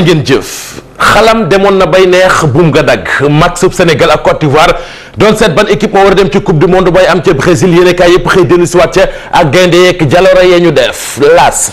jërë ngeen jëf xalam demoon na bay neex buum ga dagg match sub Sénégal ak Côte d'Ivoire doon seet ban équipe moo war a dem ci coupe du monde bay am ca Brésil yéen a kaay yëpp xëy dellu si waat ca ak gaynde yeeg jaloore yee ñu def laas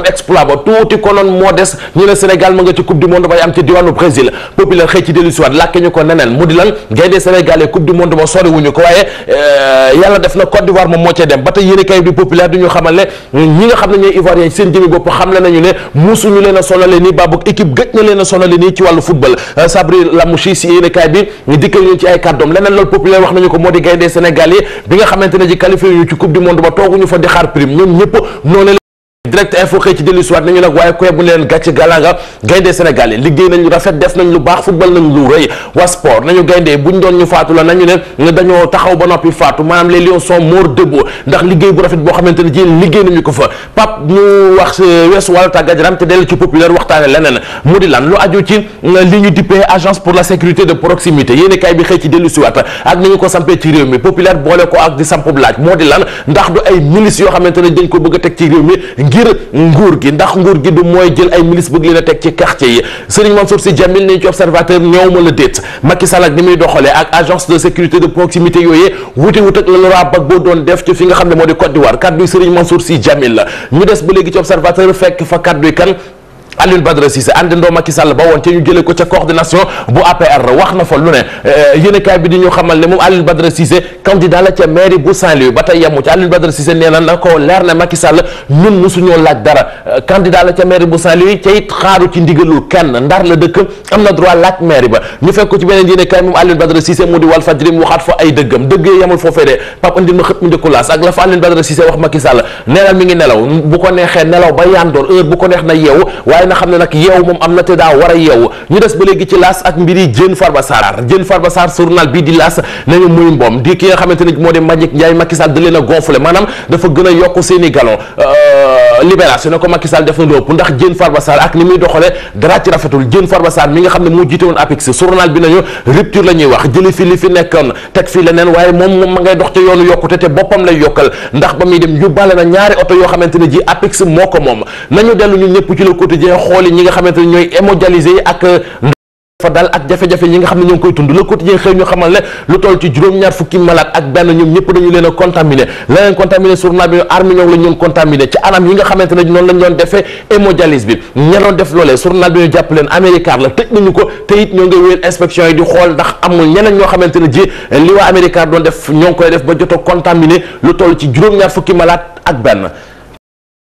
woon exploit ba tuuti konoon moo des ñu ne Sénégal ma nga ci coupe du monde bay am ci diwaanu Brésil populaire xëy ci dellu siwaat làkke ñu ko neneen mu di lan gaynde Sénégal coupe du monde ba sori ko waaye euh, yàlla def na Côte d'Ivoire moo cee dem ba tey yéen kay bi ñu nga xam nañu nii ba boog équipe gëj na leen a nii ci wàllu football euh, Sabri Lamouchi si yéen kay bi dikkal ñu ci ay kàddoom leneen loolu populaire wax nañu ko moo di direct info xëy ci dellu siwaat nañu nag waaye koy bu leen gàcc gàllaanga gayndee sénégal liggéey nañ lu rafet def nañ lu baax football nañ lu rëy waa sport nañu gayndee buñ doon ñu faatu la nañu ne dañoo taxaw ba noppi faatu maanaam les lions sont morts debout ndax liggéey bu rafet boo xamante ne ji liggéey nañu ko fa pap ñu wax weesu wàllu tàggat yaram te dellu ci populaire waxtaane leneen mu di lan lu aju ci li ñu dippee agence pour la sécurité de proximité yéeni bi xëy ci dellu siwaat ak ko sampee ci réew mi ko ak di samp laaj moo di lan ndax ay milice yoo xamante ne dañ ko bëgg a teg ci réew ngir nguur gi ndax nguur gi du mooy jël ay milice bëgg leen a teg ci quartier yi Serigne Mansour Sy Djamil ne ci observateur ñëw ma la déet Macky Sall ak ni muy doxalee ak agence de sécurité de proximité yooyee wute wut ak la Laurent Gbagbo doon def ci fi nga xam ne moo di Côte d'Ivoire kaddu Serigne Mansour Sy Djamil la ñu des ba léegi ci observateur fekk fa kaddu kan Alioune Badara Cissé àndandoo Macky Sall ba woon ca ñu jëlee ko ca coordination bu APR wax na fa lu ne eh, yéenekaay bi di ñu xamal ne moom Alioune Badara Cissé candidat la ca mairie bu saint ba tey yemu nee na leer ne Macky Sall ñun mosuñoo laaj dara eh, candidat la ca mairie bu Saint-Louis ca it xaaru ci ndigalul kenn ndar la dëkk am na droit laaj mairie ba ñu fekk ci beneen yéenekaay moom Alioune Badara Cissé mu di Walf Fadjri mu waxaat fa ay dëggam dëggee ma xët mu njëkkulaas ngi nelaw bu ko neexee nelaw ba yandoor heure bu ko neex na yeewu waaye a xam ne nag yeew moom am na te daa war a yeew ñu des ba léegi ci laas ak mbiri Diène Farba Sarr Diène Farba Sarr bi di laas nañu muy mboom di ki nga xamante da leen a gonflé maanaam dafa gën a yokk seen i galon euh, libération ji moo ko moom nañu dellu ñun ñëpp ci le quotidien xooli ñi nga xamante ne ñooy hémodialysé yi ak euh, fa dal ak jafe-jafe ñi nga xam ne ñoo ngi koy tund le quotidien xëy ñu xamal ne toll ci juróom-ñaar fukki malade ak benn ñëpp dañu leen a contaminé la leen contaminé journal bi armi ñoom ñu doon ci anam yi nga xamante ne noonu lañ doon defee hémodialyse bi ña doon def loolee journal bi ñu jàpp leen la tëj nañu ko te it ñoo ngi wéyal inspection yi xool ndax amul ñeneen ñoo xamante ne ji li waa américain doon def ñoo ngi koy def ba jot a contaminé lu toll ci juróom-ñaar fukki malaat ak benn